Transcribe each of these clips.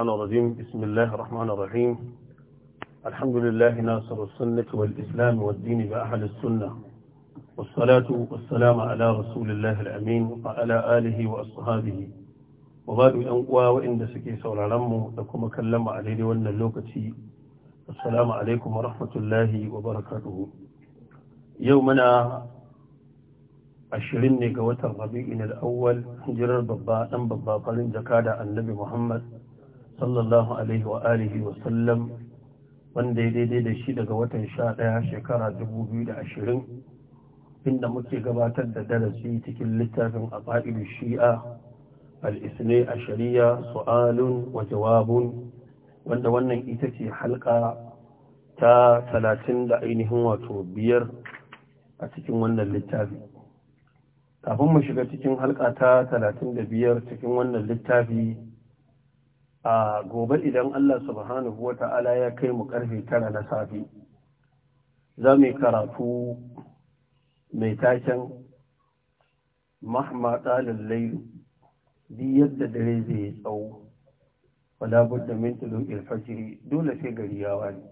أنا رجيم بسم الله الرحمن الرحيم الحمد لله ناصر السنة والإسلام والدين بأهل السنة والصلاة والسلام على رسول الله الأمين وعلى آله وأصحابه وبعد أنقوى وإن سكي سور علمه لكم كلم عليه وأن اللوكة السلام عليكم ورحمة الله وبركاته يومنا ashirin ne ga watan rabi'in al'awwal hijirar babba ɗan babba farin jaka da annabi muhammad sallallahu alaihi wa alihi wa sallam wanda ya daidai da shi daga watan sha ɗaya shekara dubu biyu da ashirin inda muke gabatar da darasi cikin littafin a ƙa'idu shi'a al'isne a shari'a su'alun wa jawabun wanda wannan ita ce halka ta talatin da ainihin wato biyar a cikin wannan littafi kafin mu shiga cikin halka ta talatin da biyar cikin wannan littafi a gobe idan Allah subhanahu wa ta'ala ya kai mu ƙarfe tara na safe za mu yi karatu mai taken mahma lallai lailu duk yadda dare zai tsawo wala budda min tulu'il dole sai gari ya wani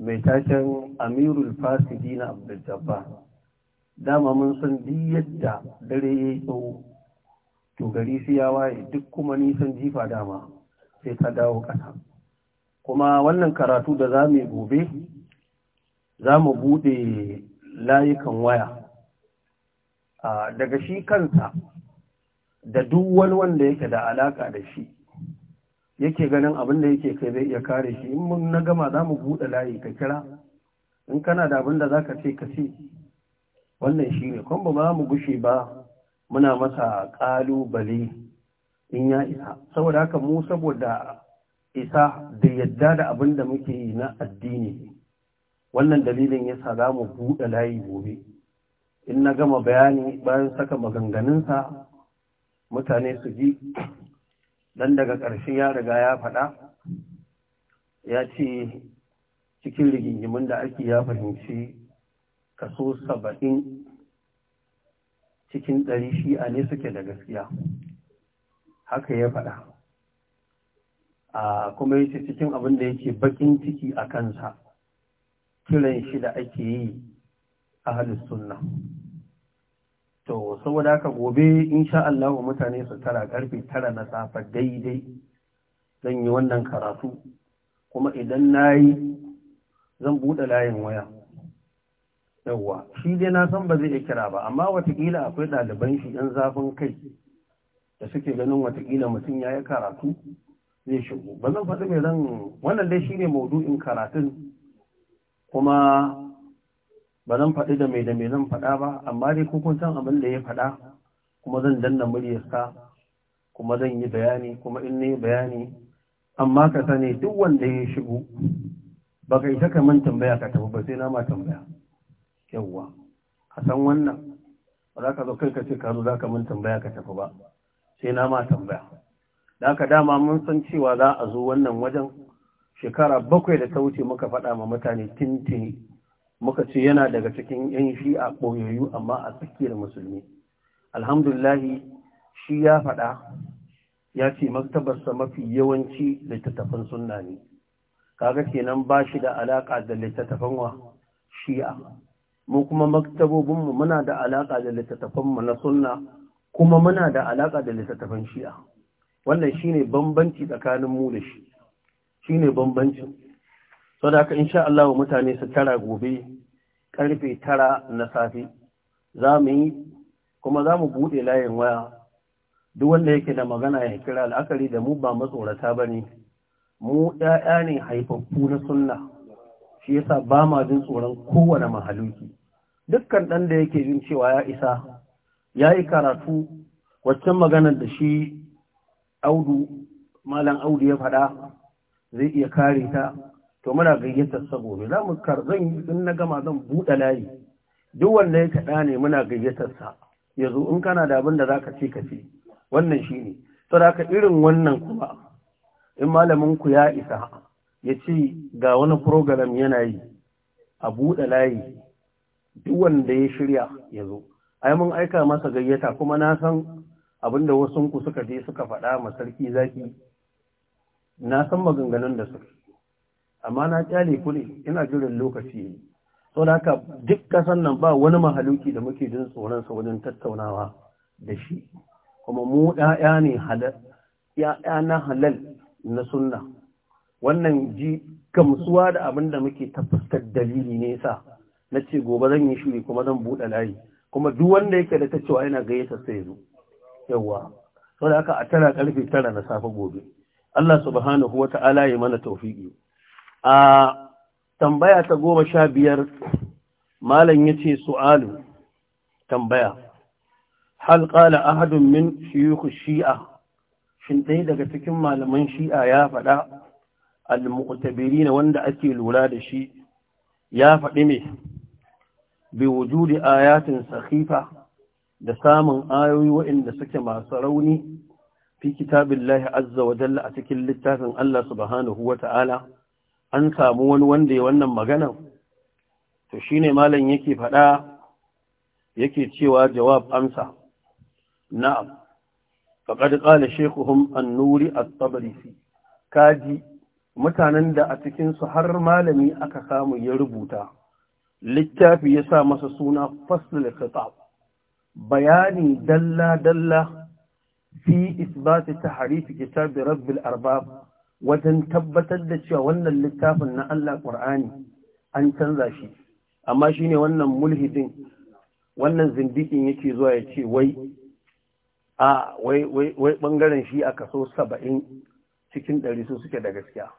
mai taken amirul fasidina abdul dama mun san duk yadda dare ya tsawo to gari sai ya waye duk kuma nisan jifa dama sai ta dawo kasa kuma wannan karatu da za mu gobe za mu buɗe layukan waya daga shi kansa da duk wani wanda yake da alaka da shi yake ganin abin da yake kai zai iya kare shi in mun na gama za mu buɗe layi ka kira in kana da abin da za ka ce ka ce wannan shi ne kwan ba mu gushe ba muna masa ƙalubale in ya isa saboda haka mu saboda isa da yadda da abin da muke yi na addini wannan dalilin ya sa za mu buɗe layi gobe in na gama bayani bayan saka maganganunsa mutane su ji dan daga ƙarshe ya riga ya faɗa ya ce cikin rigingimin da ake ya fahimci kaso saba'in cikin ɗari shi'a ne suke da gaskiya haka ya faɗa a kuma yace cikin abin da yake bakin ciki a kansa kiran shi da ake yi a sunna to saboda haka gobe insha Allah mutane su tara karfe tara na safa daidai zan yi wannan karatu kuma idan na yi zan buɗe layin waya yawwa shi dai na san ba zai iya kira ba amma watakila akwai ɗaliban shi ɗan zafin kai da suke ganin watakila mutum ya yi karatu zai shigo ba zan faɗi mai zan wannan dai shi ne maudu'in karatun kuma ba zan faɗi da mai da mai zan faɗa ba amma dai kun san abin da ya faɗa kuma zan danna muryarsa kuma zan yi bayani kuma in na yi bayani amma ka sani duk wanda ya shigo ba ka isa ka man tambaya ka tafi ba sai na ma tambaya yawwa ka san wannan ba za ka zo kai ka ce ka zo za ka mun tambaya ka tafi ba sai na ma tambaya da haka dama mun san cewa za a zo wannan wajen shekara bakwai da ta wuce muka faɗa ma mutane tintini muka ce yana daga cikin yan shi a amma a tsakiyar musulmi alhamdulillahi shi ya faɗa ya ce maktabarsa mafi yawanci littattafan sunna ne kaga kenan ba shi da alaƙa da littattafan wa shi'a mu kuma maktabobinmu muna da alaƙa da littattafanmu na sunna kuma muna da alaƙa da littattafan shi'a wannan shine bambanci tsakanin mu da shi shine bambancin so da haka insha Allah mutane su tara gobe karfe tara na safe za mu yi kuma za mu buɗe layin waya duk wanda yake da magana ya kira al'akari da mu ba matsorata ba ne mu ‘ya'ya ne haifaffu na sunna shi yasa ba ma jin tsoron kowane mahaluki dukkan ɗan da yake jin cewa ya isa ya yi karatu waccan maganar da shi audu malam audu ya faɗa zai iya kare ta to muna gayyatar saboda za mu zan in na gama zan buɗe layi duk wanda ya kaɗa ne muna gayyatar sa yanzu in kana da abin da za ka ce ka ce wannan shi ne to irin wannan kuma in malamin ku ya isa ya ce ga wani program yana yi a buɗe layi duk wanda ya shirya ya zo ai mun aika masa gayyata kuma na san abinda wasunku suka je suka faɗa ma sarki zaki na san maganganun da suka amma na kyale ku ne ina jiran lokaci ne da haka duk kasan nan ba wani mahaluki da muke jin tsoron sa wajen tattaunawa da shi kuma mu ɗaya ne halal na halal na sunna wannan ji gamsuwa da abin da muke ta dalili ne sa na ce gobe zan yi shiri kuma zan buɗe layi kuma duk wanda yake da ta cewa yana gayyata sai zo yawa da haka a tara karfe tara na safe gobe Allah subhanahu wa ta'ala ya mana tawfiqi a tambaya ta goma sha biyar malam ya ce su'alu tambaya hal qala ahadun min shuyukh shi'a shin dai daga cikin malaman shi'a ya faɗa al muqtabirina wanda ake lura da shi ya faɗi me bi wujudi ayatin sakhifa da samun ayoyi waɗanda suke masu rauni fi kitabillahi azza wa jalla a cikin littafin Allah subhanahu wata'ala an samu wani wanda ya wannan magana to shine malam yake faɗa yake cewa jawab amsa na'am faqad qala shaykhuhum an-nuri at-tabrisi kaji mutanen da a cikinsu har malami aka samu ya rubuta littafi ya sa masa suna faslul khitab bayani dalla dalla fi isbati tahrif kitab rabbil arbab wajen tabbatar da cewa wannan littafin na Allah Qur'ani an canza shi amma shine wannan mulhidin wannan zindikin yake zuwa ya ce wai a wai wai bangaren shi a kaso 70 cikin 100 su suke da gaskiya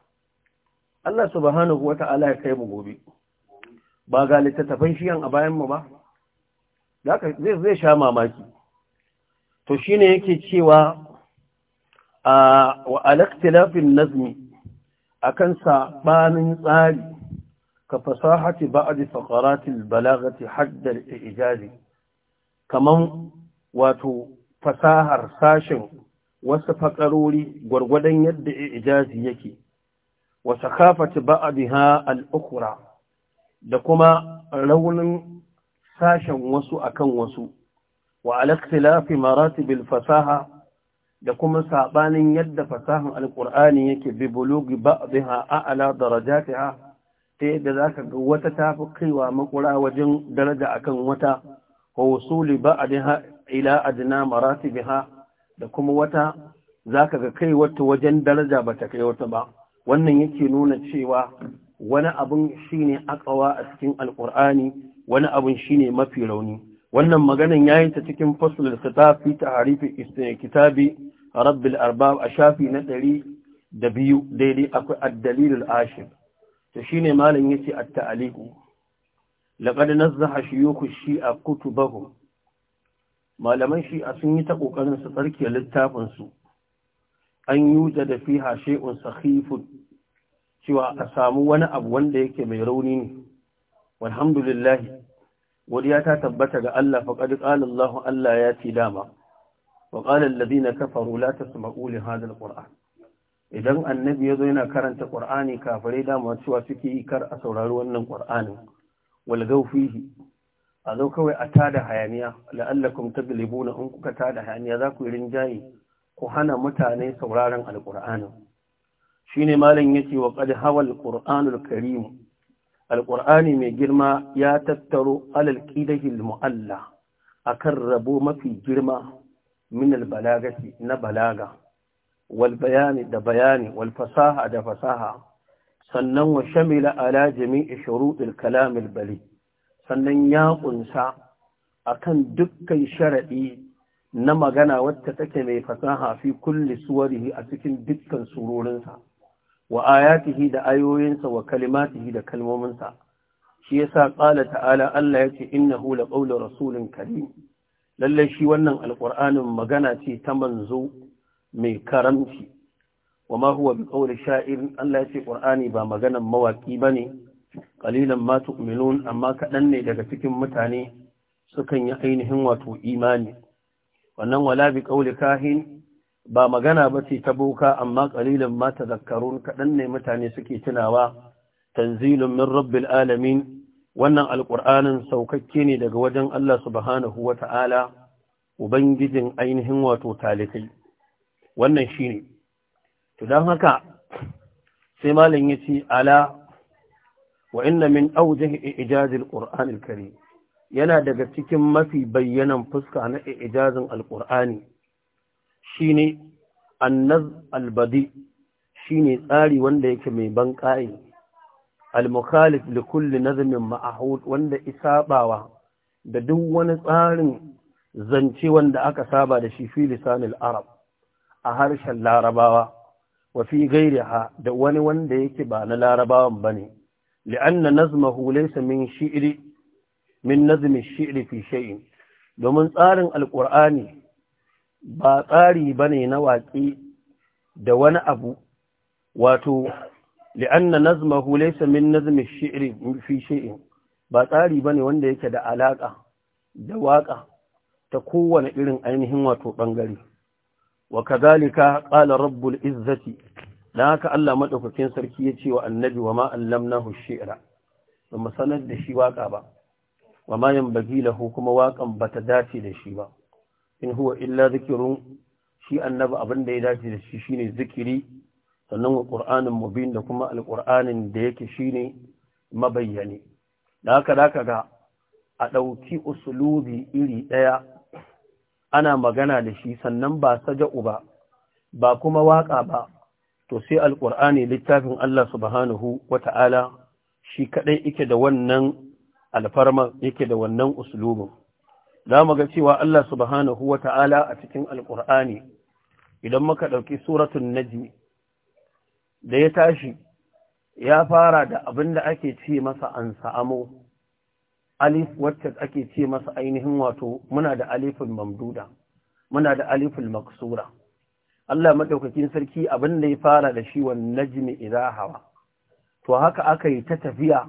Allah subhanahu wa ta'ala ya kai mu gobe ba ga littattafan shiyan a bayan mu ba zai zai sha mamaki to shine yake cewa a wa alaktilafin nazmi kan saɓanin tsari ka fasahati ba'd faqaratil balagati haddar ijazi kaman wato fasahar sashen wasu fakarori gwargwadon yadda ijazi yake wa sakafati ba'dha al da kuma raunin sashen wasu akan wasu wa al-ikhtilafi fasaha da kuma sabanin yadda fasahan Alƙur'ani yake bi bulugi ba'dha a'la darajatiha ta yadda zaka ga wata tafi kaiwa makura wajen daraja akan wata wa wusuli ba'dha ila adna ha da kuma wata zaka ga kai wata wajen daraja bata kai wata ba wannan yake nuna cewa wani abun shine akawa a cikin Alƙur'ani, wani shi shine mafi rauni wannan maganan yi ta cikin faslul kitab fi ta'rif kitabi rabbil arbab a shafi na biyu daidai akwai ad-dalilul ashir to shine malam yace at-ta'liqu laqad nazzaha shuyukhu shi'a kutubahum malaman shi'a sun yi ta ƙoƙarin su tsarkiyar littafin su an yuja da fiha shay'un sakhifun cewa a samu wani abu wanda yake mai rauni ne walhamdulillah godiya ta tabbata ga Allah faqad qala Allah Allah ya ci dama wa qala alladhina kafaru la tasma'u li hadha alquran idan annabi ya zo yana karanta qur'ani kafirai dama cewa suke yi kar a saurari wannan Ƙur'anin. wal gawfihi a zo kawai a tada hayaniya la'allakum na in kuka tada hayaniya za ku yi rinjaye ku hana mutane sauraron alƙur'anin shi ne malin ya ce wa ƙad hawal ƙur'anul karim alƙur'ani mai girma ya tattaro alal ƙidahil mu'alla a kan rabo mafi girma min albalagati na balaga wal bayani da bayani wal fasaha da fasaha sannan wa shamila ala jami'i shuruɗil kalamil bali sannan ya ƙunsa akan dukkan sharaɗi na magana wacce take mai fasaha fi kulli suwarihi a cikin dukkan surorinsa wa ayatihi da ayoyinsa wa kalimatihi da kalmominsa shi yasa qala ta'ala Allah yace innahu qawlu rasulin karim lalle shi wannan alqur'anin magana ce ta manzo mai karamci wa ma huwa qawli sha'irin Allah yace qur'ani ba maganan mawaki bane qalilan ma tu'minun amma kadan ne daga cikin mutane sukan yi ainihin wato imani wannan wala bi kahin ba magana ba ce ta boka amma qalilan ma tadhakkarun kaɗan ne mutane suke tunawa tanzilun min rabbil alamin wannan alƙur'anin saukakke ne daga wajen Allah subhanahu wata'ala ubangijin ainihin wato talikai wannan shine to don haka sai malam yace ala wa inna min awjah ijazil qur'anil karim yana daga cikin mafi bayyanan fuska na ijazin alƙur'ani shine annaz albadi shine tsari wanda yake mai ban ƙa'i al-mukhalif li kulli nazmin ma'hud wanda isabawa da duk wani tsarin zance wanda aka saba da shi fi lisanil arab a harshen larabawa wa fi da wani wanda yake ba na larabawan bane li'anna nazmahu laysa min shi'ri min nazmi shi'ri fi shay'in domin tsarin alƙur'ani ba tsari bane na waƙi da wani abu wato li'anna nazma laysa min nazmi shi'ri fi shay'in ba tsari bane wanda yake da alaƙa da waƙa ta kowane irin ainihin wato ɓangare wa kadhalika qala rabbul izzati Na haka Allah maɗaukakin sarki ya ce wa annabi wa ma allamnahu shi'ra ba mu sanar da shi waƙa ba wa ma yanbaghi lahu kuma waƙan bata dace da shi ba in huwa illa zikirun shi annabi abin da ya dace da shi shine zikiri sannan wa mu mubin da kuma Alƙur'anin da yake shine mabayyane da haka zaka ga a ɗauki usulubi iri ɗaya ana magana da shi sannan ba saja'u ba ba kuma waƙa ba to sai Alƙur'ani littafin Allah subhanahu wata'ala shi kaɗai yake da wannan alfarma yake da wannan uslubin za mu ga cewa Allah subhanahu wa ta'ala a cikin alƙur'ani idan muka ɗauki suratun najmi da ya tashi ya fara da abin da ake ce masa an sa'amo alif wacce ake ce masa ainihin wato muna da alifin mamduda muna da alifin maksura Allah maɗaukakin sarki abin da ya fara da shi wa najmi idan hawa to haka aka yi ta tafiya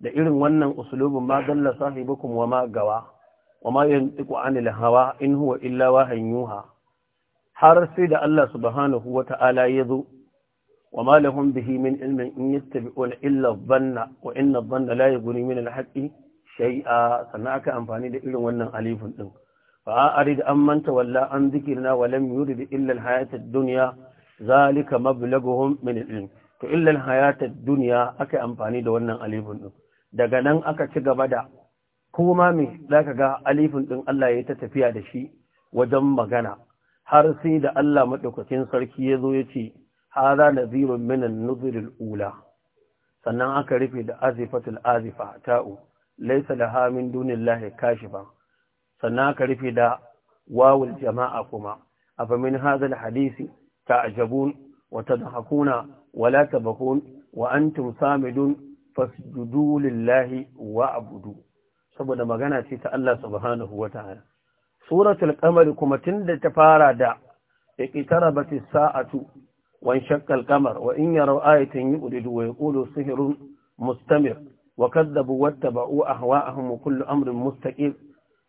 da irin wannan usulubin ma dalla sahibukum wa ma gawa wa ma yantiqu anil hawa in huwa illa wahyin yuha har sai da Allah subhanahu wata'ala ya zo wa ma lahum bihi min ilmin in yattabi'una illa dhanna wa inna dhanna la yughni min al-haqqi shay'a sannan aka amfani da irin wannan alifin din an an manta فأعرض أمن تولى عن ذكرنا ولم يرد إلا الحياة الدنيا ذلك مبلغهم من العلم فإلا aka amfani da wannan دولنا din. daga nan aka ci gaba da kuma me zaka ga alifin din Allah ya ta tafiya da shi wajen magana har sai da Allah madaukakin sarki ya zo ya ce hadha nadhirun min an ula sannan aka rufe da azifatul azifa ta'u laysa laha min dunillahi kashifa sannan aka rufe da wawul jama'a kuma afa min hadha al-hadisi ta'jabun wa tadhakuna wa la tabakun wa antum samidun fasjudu lillahi wa abudu saboda magana ce ta Allah subhanahu wa ta'ala suratul qamar kuma tunda ta fara da iqtarabatis sa'atu wa inshaqqa al-qamar wa in yaraw ayatan yu'ridu wa yaqulu sihrun mustamir wa kadzabu wattaba'u ahwa'ahum kullu amrin mustaqim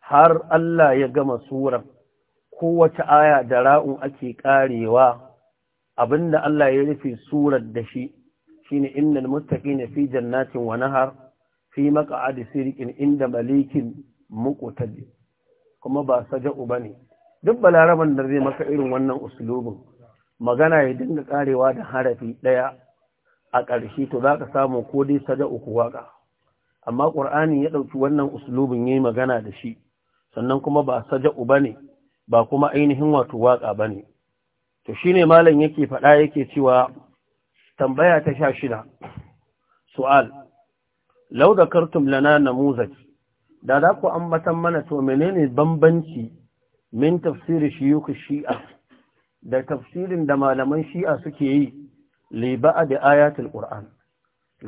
har Allah ya gama surar kowace aya da ra'un ake karewa abinda Allah ya rufe surar da shi shine innal muttaqina fi jannatin wa nahar fi maq'adi sirqin inda malikin muqtadi kuma ba saja'u bane duk balaraban da zai maka irin wannan uslubin magana ya dinga karewa da harafi daya a ƙarshe to zaka samu ko dai saja'u ku waka amma qur'ani ya dauki wannan uslubin yayi magana da shi sannan kuma ba saja'u bane ba kuma ainihin wato waka bane to shine malam yake faɗa yake cewa tambaya ta sha shida su'al lau da kartum lana namuzaj da za ku ambatan mana to menene bambanci min tafsiri shiyuku shi'a da tafsirin da malaman shi'a suke yi liba'a da ayatul qur'an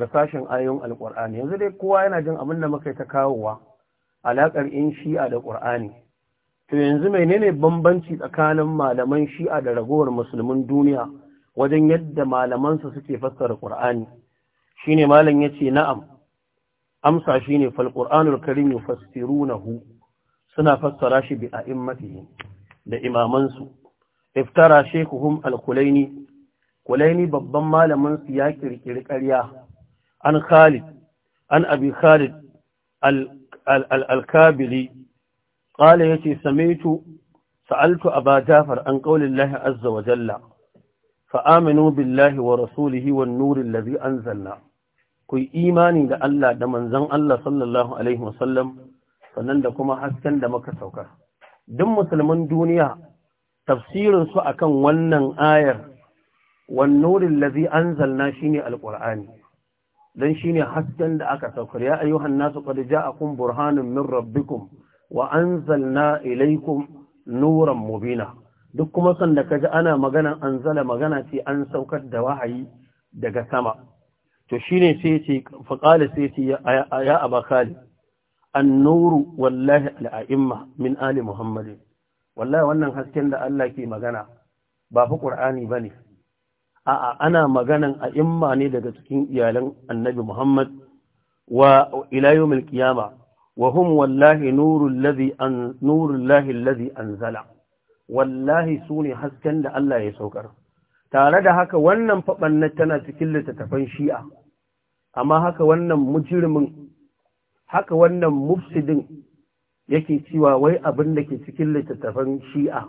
da sashen ayoyin alqur'ani yanzu dai kowa yana jin abin da muka ta kawowa alakar in shi'a da qur'ani to yanzu menene bambanci tsakanin malaman shi'a da ragowar musulmin duniya wajen yadda malamansa suke fassara Qur'ani shine malam yace na'am amsa shine fal Qur'anul Karim yufassirunahu suna fassara shi bi a'immatihim da imamansu iftara shekuhun al-Kulaini babban malamin su ya kirkiri ƙarya an Khalid an Abi Khalid al-Kabili قال يتي سميت سألت Jafar an ƙaunin قول azza wa jalla. fa'aminu billahi wa rasulihi wa nurin lazi an zanna, ku imani da Allah da manzan Allah sallallahu Alaihi wasallam sannan da kuma hasken da muka sauka. Duk musulman duniya tafsirinsu a kan wannan ayar, wa nurin lazi an zanna shi ne shine don shi ne hasken da aka saukar, ya ayyuhan nasu ƙwada kun, burhanin min rabbikum wa an zanna ilaikum nuran mubina. duk kuma sanda ka ji ana magana an zala magana ce an saukar da wahayi daga sama to shine sai ce faqala sai ce ya abakali annuru wallahi al'a'imma min ali muhammadin wallahi wannan hasken da Allah ke magana ba fi qur'ani bane a'a ana maganan a'imma ne daga cikin iyalan annabi muhammad wa ila yawmil qiyama wa hum wallahi nurul ladhi an nurul lahi anzala wallahi su ne hasken da Allah ya saukar tare da haka wannan faɓannan tana cikin littattafan shi'a amma haka wannan mujirmin haka wannan mufsidin yake cewa wai abin da ke cikin littattafan shi'a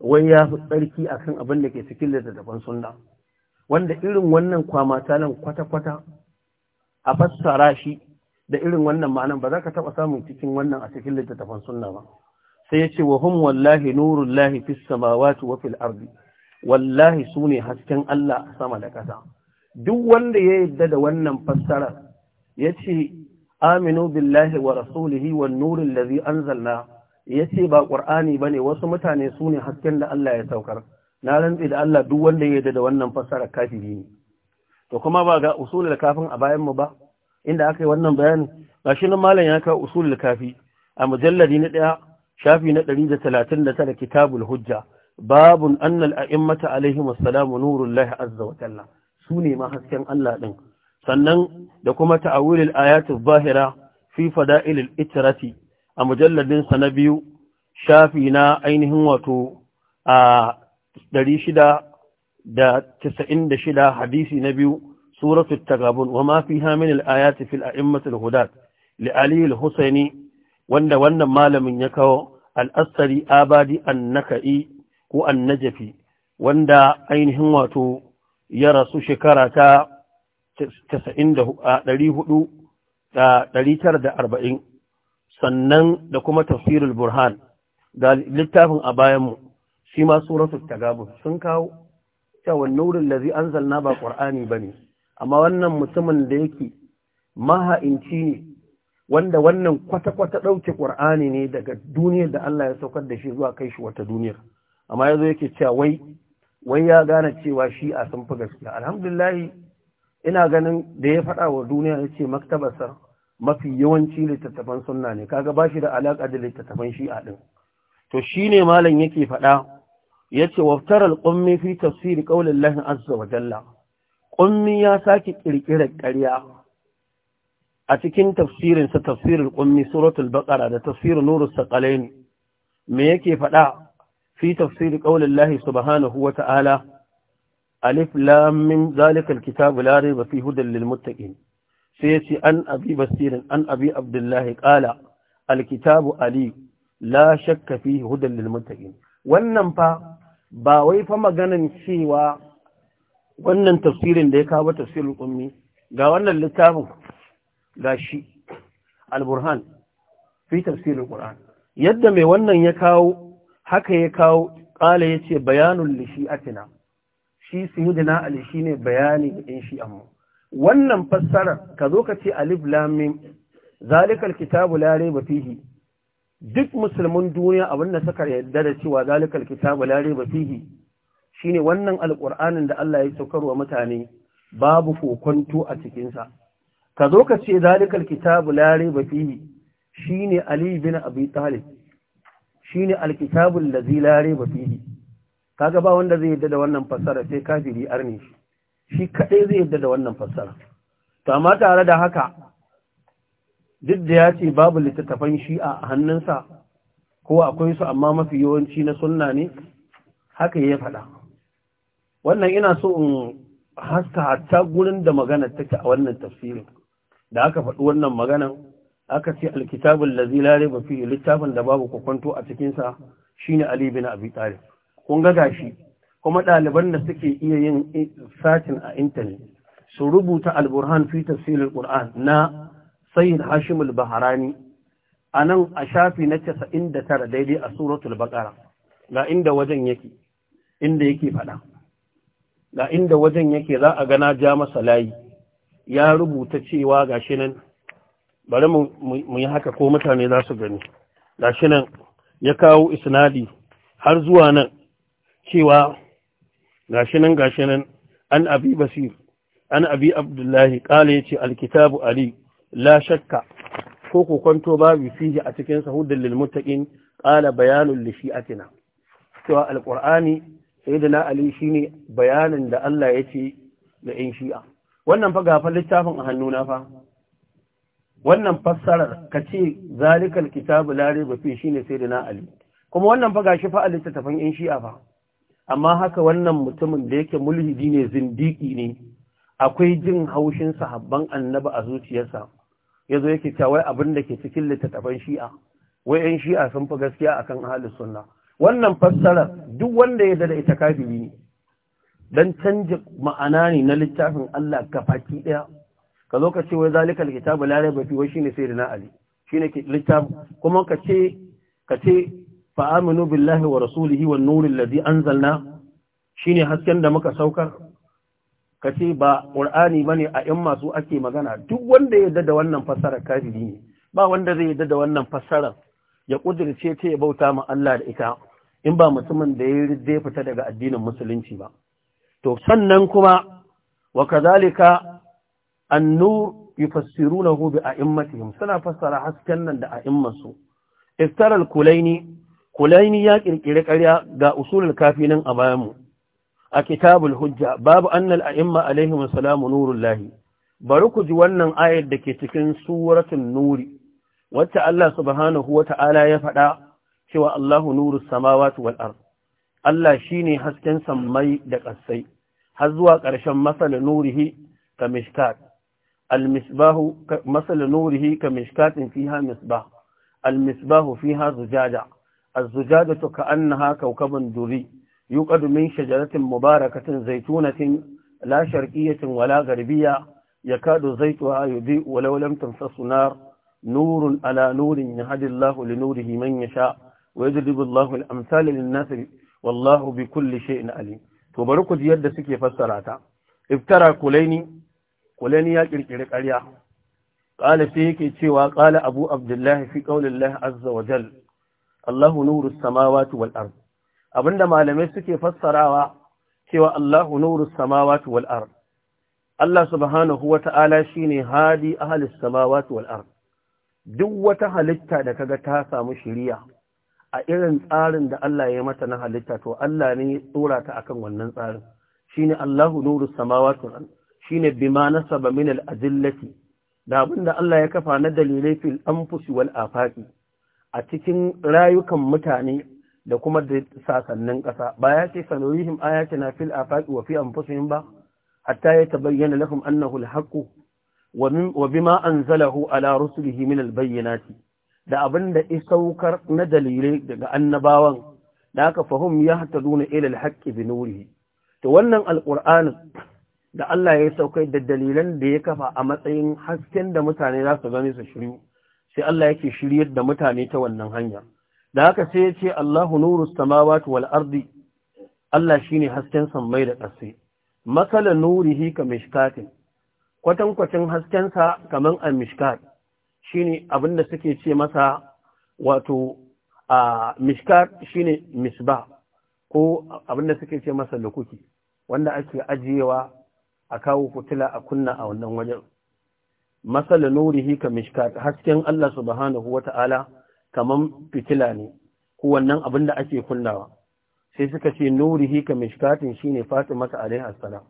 wai ya fi tsarki a kan abin da ke cikin littattafan sunna wanda irin wannan kwamata nan kwata-kwata a fassara shi da irin wannan ma'anan ba za ka taɓa samun cikin wannan a cikin littattafan sunna ba sai ya ce wa hum wallahi nurun lahi fis samawati wa fil ardi wallahi sune hasken Allah sama da ƙasa duk wanda ya yarda da wannan fassara yace aminu billahi wa rasulihi wan nuril ladzi anzalna yace ba qur'ani bane wasu mutane sune hasken da Allah ya saukar na rantsi da Allah duk wanda ya yarda da wannan fassara kafiri ne to kuma ba ga usulul kafin a bayan mu ba inda aka yi wannan bayani gashi nan malam ya kawo usulul kafi a mujalladi na ɗaya. shafi na 139 kitabul hujja babun annal a'immata alaihim assalamu nurullahi azza wa jalla sune ma hasken Allah ɗin, sannan da kuma ta'awilul ayatul Bahira, fi fada'ilil itrati a mujalladin na biyu shafi na ainihin wato a 696 hadisi na biyu suratul tagabun wa mafi fiha min al ayati fil a'immatil Huda, li ali al-husaini wanda wannan malamin ya kawo al'asari abadi annaka'i ko annajafi wanda ainihin wato ya rasu shekara ta 440 sannan da kuma tafsirul burhan da littafin a bayanmu shi ma suratul tagabun sun kawo cewa nurin lazi anzalna ba ba bane amma wannan mutumin da yake maha'inci ne wanda wannan kwata-kwata ɗauke ƙur'ani ne daga duniyar da Allah ya saukar da shi zuwa kai shi wata duniyar amma yazo yake cewa wai wai ya gane cewa shi a sun fi gaskiya alhamdulillah ina ganin da ya faɗa wa duniya ya ce maktabarsa mafi yawanci littattafan sunna ne kaga bashi da alaƙa da littattafan shi'a ɗin to shi ne malam yake faɗa ya ce waftar alƙummi fi tafsiri ƙaulin lahin azza wa jalla ƙummi ya sake ƙirƙirar ƙarya a cikin tafsirinsa tafsirin ƙummi suratul baƙara da tafsirin nurus saƙalaini me yake faɗa fi tafsiri ƙaunin lahi subhanahu wa ta’ala alif lamin zalikar kitabu larin fi hudun lilmuttaƙin sai ce an abi basirin an abi abdullahi ƙala alkitabu ali la shakka fi hudun lilmuttaƙin wannan fa ba wai fa maganin cewa wannan tafsirin da ya kawo tafsirin ƙummi ga wannan littafin gashi al-burhan fi tafsirin qur'an yadda mai wannan ya kawo haka ya kawo ƙala yace bayanul lishi lishi'atina shi suyudina ali shine ne bayani da shi amma, wannan fassarar ka zo ka ce alif lamim zalikal kitabu lare rayba fihi duk musulmin duniya abinda suka yarda da cewa zalikal kitabu lare rayba fihi shine wannan alƙur'anin da Allah ya saukarwa mutane babu kokonto a cikinsa ka zo ka ce zalikal kitabu la raiba fihi shine ali bin abi talib shine alkitabul ladzi la raiba fihi kaga ba wanda zai yadda da wannan fassara sai kafiri arne shi shi kaɗai zai yadda da wannan fassara to amma tare da haka duk da ya ce babu littattafan shi a hannunsa ko akwai su amma mafi yawanci na sunna ne haka ya faɗa wannan ina so in haska hatta gurin da magana take a wannan tafsirin da aka faɗi wannan maganan aka ce alkitabin ladzi la rayba littafin da babu kwakwanto a cikinsa sa shine Ali bin Abi Talib kun ga gashi kuma ɗaliban da suke iya yin satin a intanet su rubuta alburhan fi tafsir quran na Sayyid Hashim al-Baharani anan a shafi na 99 daidai a suratul Baqara ga inda wajen yake inda yake faɗa ga inda wajen yake za a gana ja masa layi ya rubuta cewa gashi nan bari mu yi haka ko mutane za su gani gashi nan ya kawo isnadi har zuwa nan cewa gashi nan gashi nan an abi basir an abi abdullahi kala ce, alkitabu ali la shakka ko ku kwanto babu fiye a cikin sahudul lil lishi a tina cewa alkur'ani sai da sayyidina ali shi ne bayanin da Allah ya ce da yan shi'a wannan fa fa littafin a hannuna fa wannan fassarar ka ce zalikal kitabu lare ba fi shine sai da na ali kuma wannan fa gashi fa a littattafan yan shi'a fa amma haka wannan mutumin da yake mulhidi ne zindiki ne akwai jin haushin sahabban annabi a zuciyarsa yazo yake cewa wai abin da ke cikin littattafan shi'a wai yan shi'a sun fi gaskiya akan ahlus sunna wannan fassarar duk wanda ya da ita kafiri ne dan canja ma'ana ne na littafin Allah kafaki ɗaya, ka zo ka ce wai zalikal kitabu la raiba fi wai shine sayyidina ali shine ke littafin kuma ka ce ka ce fa aminu billahi wa rasulihi wan nuril ladhi anzalna shine hasken da muka saukar ka ce ba qur'ani bane a yan masu ake magana duk wanda ya yarda da wannan fassara kafiri ne ba wanda zai yarda da wannan fassara ya kudirce ta ya bauta ma Allah da ita in ba mutumin da ya fita daga addinin musulunci ba to sannan kuma wa kadhalika an-nur yufassirunahu bi a'immatihim suna fassara hasken nan da a'immansu iftara al-kulaini kulaini ya kirkire ƙarya ga usulul kafinan a bayanmu. a kitabul hujja babu annal a'imma alaihim salamu nurullahi bari ku ji wannan ayar da ke cikin suratul nuri wacce Allah subhanahu wata'ala ya faɗa cewa Allahu nuru samawati wal ard Allah shine hasken sammai da ƙasai har zuwa ƙarshen masala nurihi ka mishkat al-misbahu masala nurihi ka mishkatin fiha misbah al-misbahu fiha zujaja az-zujajatu ka'annaha kawkabun duri yuqadu min shajaratin mubarakatin zaitunatin, la sharqiyatin wala garbiya, ya kaɗo yudi walau lam tamsasu nar nurun ala nurin yahdillahu li nurihi man yasha ويجلب lahu, الأمثال للناس wallahu bi kulli shay'in alim to bari ku ji yadda suke fassara ta iftara kulaini kulaini ya kirkiri ƙarya qala sai yake cewa qala abu abdullahi fi qaulillahi azza wa jal Allahu nuru samawati wal ard abinda malamai suke fassarawa cewa Allahu nuru samawati wal ard Allah subhanahu wa ta'ala shine hadi ahli samawati wal ard duk wata halitta da kaga ta samu shiriya a irin tsarin da Allah ya mata na halitta to Allah ne ya tsora ta akan wannan tsarin shine Allahu nuru samawati shine bima nasaba min al-ajillati da abinda Allah ya kafa na dalilai fil anfusi wal afaqi a cikin rayukan mutane da kuma da sasannin ƙasa ba ya ce sanurihim ayatina fil afaqi wa fi anfusihim ba hatta ya tabayyana lahum annahu al-haqq wa bima anzalahu ala rusulihi min al-bayyinati da abin da isaukar na dalilai daga annabawan da aka fahim ya hata duna ilil haƙƙi bi nurihi to wannan alƙur'anin da Allah ya saukai da dalilan da ya kafa a matsayin hasken da mutane za su gane su shiryu sai Allah yake shiryar da mutane ta wannan hanya da haka sai ya ce Allahu nuru samawati wal ardi Allah shine hasken sammai da ƙasa masala nurihi ka mishkatin kwatankwacin haskensa kaman al mishkat shine abin da suke ce masa wato a mishkar shine misba ko abinda da suke ce masa lukuki wanda ake ajiyewa a kawo fitila a kunna a wannan wajen masala nurihi ka mishkar hasken Allah subhanahu wata'ala kaman fitila ne ko wannan abin da ake kunnawa sai suka ce nurihi ka mishkatin shine Fatima ta alaiha salam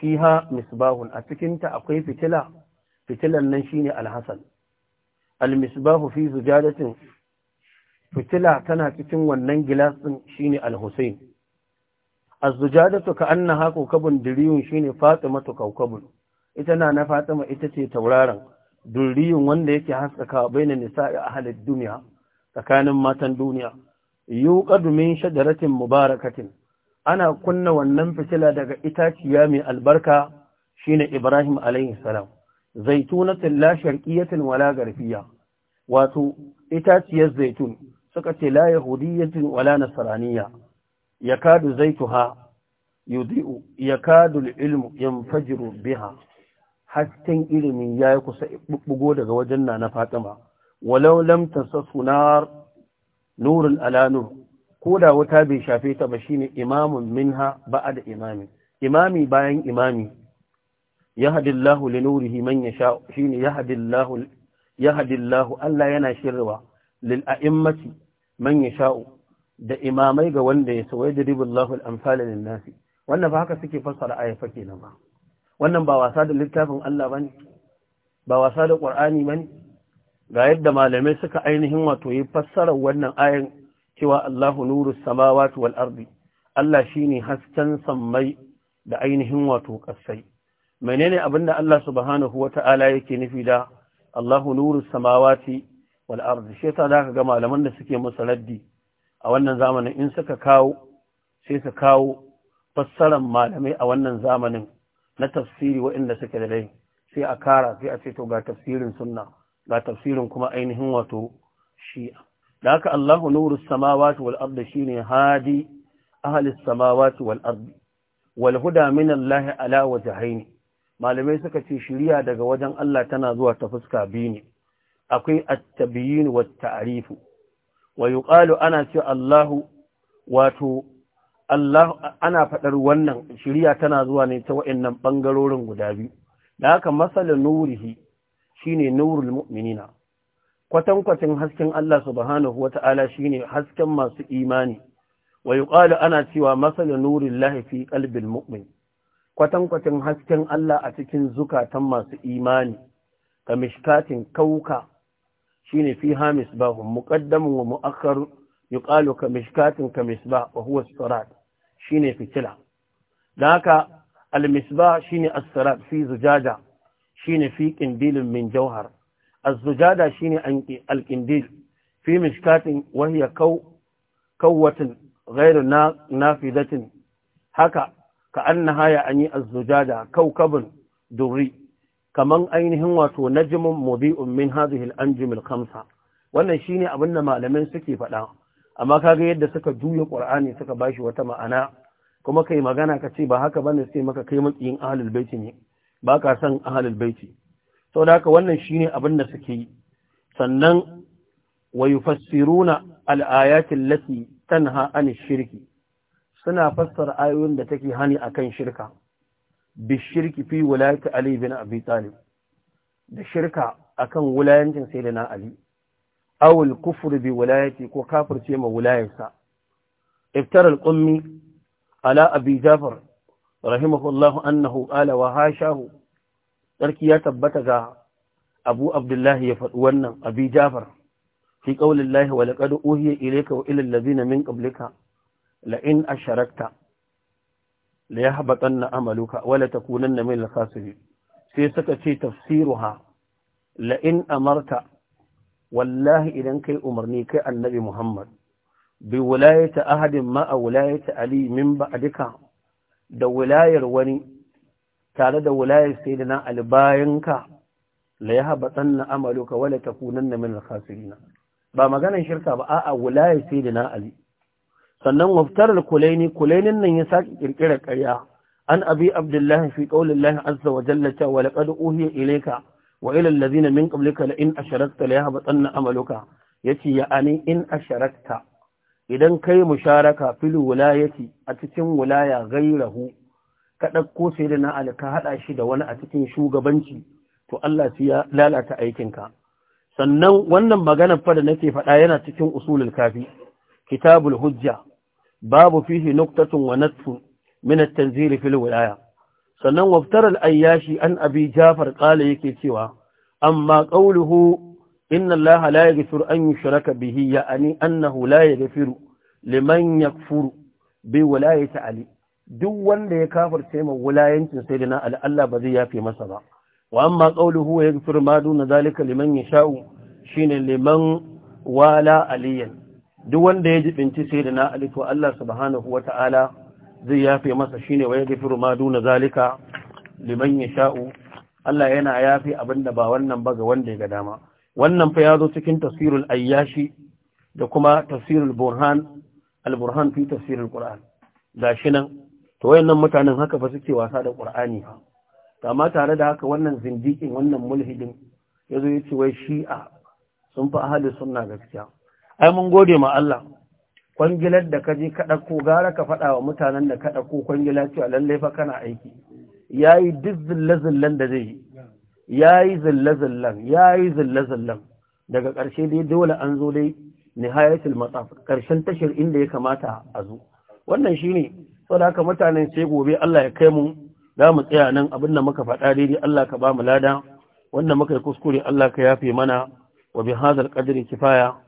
fiha misbahun a cikinta akwai fitila fitilan nan shine alhasan almisbahu fi zujadatin fitila tana cikin wannan gilas din shine alhusain azzujadatu ka'annaha kawkabun diriyun shine fatimatu kawkabun ita na na fatima ita ce tauraron duriyun wanda yake haskaka bainan nisa'i ahli dunya tsakanin matan duniya yuqadu min shajaratin mubarakatin ana kunna wannan fitila daga itaciya mai albarka shine Ibrahim alaihi salam zaitunatin la sharqiyatin wala garfiya wato itaciyar zaitun suka ce la yahudiyyatin wala nasraniya yakadu zaituha yudi'u yakadu al-ilmu yanfajiru biha hasken ya yi kusa bubbugo daga wajen na Fatima walau lam nurin nar ko da koda wuta bai shafe ta ba shine imamun minha ba'da imami imami bayan imami yahdi Allahu li nurihi man yasha shine yahdi Allahu yahdi Allahu Allah yana shirwa lil a'immati man yasha da imamai ga wanda ya da yadribu Allahu al amsal lin nas wannan ba haka suke fassara ayata kenan ba wannan ba wasa da littafin Allah bane ba wasa da Qur'ani bane ga yadda malamai suka ainihin wato yi fassara wannan ayan cewa Allahu nuru samawati wal ardi Allah shine hasken sammai da ainihin wato kasai menene abin da Allah subhanahu wata'ala yake nufi da Allahu nuru samawati wal ardi shi yasa zaka ga malaman da suke masa raddi a wannan zamanin in suka kawo sai su kawo fassaran malamai a wannan zamanin na tafsiri waɗanda suke da rai sai a kara sai a ce to ga tafsirin sunna ga tafsirin kuma ainihin wato shi'a da haka Allahu nuru samawati wal ardi shine hadi ahli samawati wal ardi wal huda min Allah ala wajhaini malamai suka ce shiriya daga wajen Allah tana zuwa ta fuska biyu ne akwai at-tabyin wa ta'rifu wa yuqalu ana ce Allahu wato Allah ana fadar wannan shiriya tana zuwa ne ta wayannan bangarorin guda biyu da haka masalan nurihi shine nurul mu'minina kwatankwacin hasken Allah subhanahu wata'ala shine hasken masu imani wa yuqalu ana cewa masalan nurillahi fi qalbil mu'min kwatankwacin hasken Allah a cikin zukatan masu imani ka mishkatin kauka shine fi hamis ba, muqaddamun wa mu'akhkar yuƙalu ka mishkatin ka misbah wa huwa shine fitila dan haka al-misbah shine as-sirat fi zujaja shine fi qindilin min zujada shine al-qindil fi mishkatin wa hiya kaw kawatin ghayr nafidatin haka ka an yi azujada az-zujada kawkabun duri kaman ainihin wato najmun mubi'un min hadhihi al-anjum khamsa wannan shine abin da malamin suke faɗa amma kaga yadda suka juya qur'ani suka bashi wata ma'ana kuma kai magana ka ce ba haka bane sai maka kai makiyin ahlul baiti ne ba ka san ahlul baiti saboda haka wannan shine abin da suke yi sannan wa yufassiruna al-ayati allati tanha an shirki suna fassara ayoyin da take hani akan shirka bishirki fi wulayati ali bin abi talib da shirka akan wulayancin sayyidina ali awul kufur bi wulayati ko kafirce ma wulayarsa iftara al-qummi ala abi jafar rahimahullahu annahu qala wa hashahu sarki ya tabbata ga abu abdullahi ya faɗi wannan abi jafar fi qaulillahi wa laqad uhiya ilayka wa ila allazina min qablika la'in a sharakta la ya haɓaƙan na amaluka wala ta kunan na mai lakasiri sai suka ce tafsiru ha la'in a marta wallahi idan kai umarni kai annabi Muhammad bi wulayata ahadin ma ma'a wulayata Ali min ba duka da wulayar wani tare da wulayar sai da na albayanka la ya haɓa tsanna amaluka wala takunanna min alkhasirina ba maganan shirka ba a'a wulayar sai da na Ali sannan waftar kulaini kulainin nan ya saki kirkira ƙarya an abi abdullahi fi qaulillahi azza wa jalla ta wa laqad uhiya ilayka wa ila alladhina min qablika la in asharakta la yahbatanna amaluka yace ya ani in asharakta idan kai musharaka fil wilayati a cikin wilaya gairahu ka dauko sai da na alka hada shi da wani a cikin shugabanci to Allah ya lalata aikinka sannan wannan maganar fa da nake faɗa yana cikin usulul kafi kitabul hujja babu fihi nuktatun wa natfu min at-tanzil fil wilaya sannan waftar ayyashi an abi jafar qala yake cewa amma qawluhu inna allaha la yaghfiru an yushraka bihi ya'ni annahu la yaghfiru liman yakfuru bi wilayati ali duk wanda ya kafirce ma sai sayyidina ali Allah ba zai yafe masa ba wa amma qawluhu yaghfiru ma duna zalika liman yasha'u shine liman wala aliyan duk wanda ya jibinci sai da na alifu Allah subhanahu wa ta'ala zai yafe masa shine wa ya gafiru ma duna zalika liman ya sha'u Allah yana yafe abin da ba wannan ba ga wanda ya ga dama wannan fa ya zo cikin tafsirul ayyashi da kuma tafsirul burhan al-burhan fi tafsirul qur'an shi nan to wayannan mutanen haka ba suke wasa da qur'ani fa amma tare da haka wannan zindikin wannan mulhidin yazo ce wai shi'a sun fa ahli sunna gaskiya ai mun gode ma Allah kwangilar da ka je ka ɗauko gara ka faɗa wa mutanen da ka ɗauko kwangila cewa lallai fa kana aiki Ya yi duk zille-zillen da zai yi Ya yayi zille-zillen yi zille-zillen daga ƙarshe dai dole an zo dai nihayatul matsaf ƙarshen tashar inda ya kamata a zo wannan shine ne haka mutanen sai gobe Allah ya kai mu za mu tsaya nan abin da muka faɗa daidai Allah ka ba mu lada wanda muka yi kuskure Allah ka yafe mana wa bi hadal qadri kifaya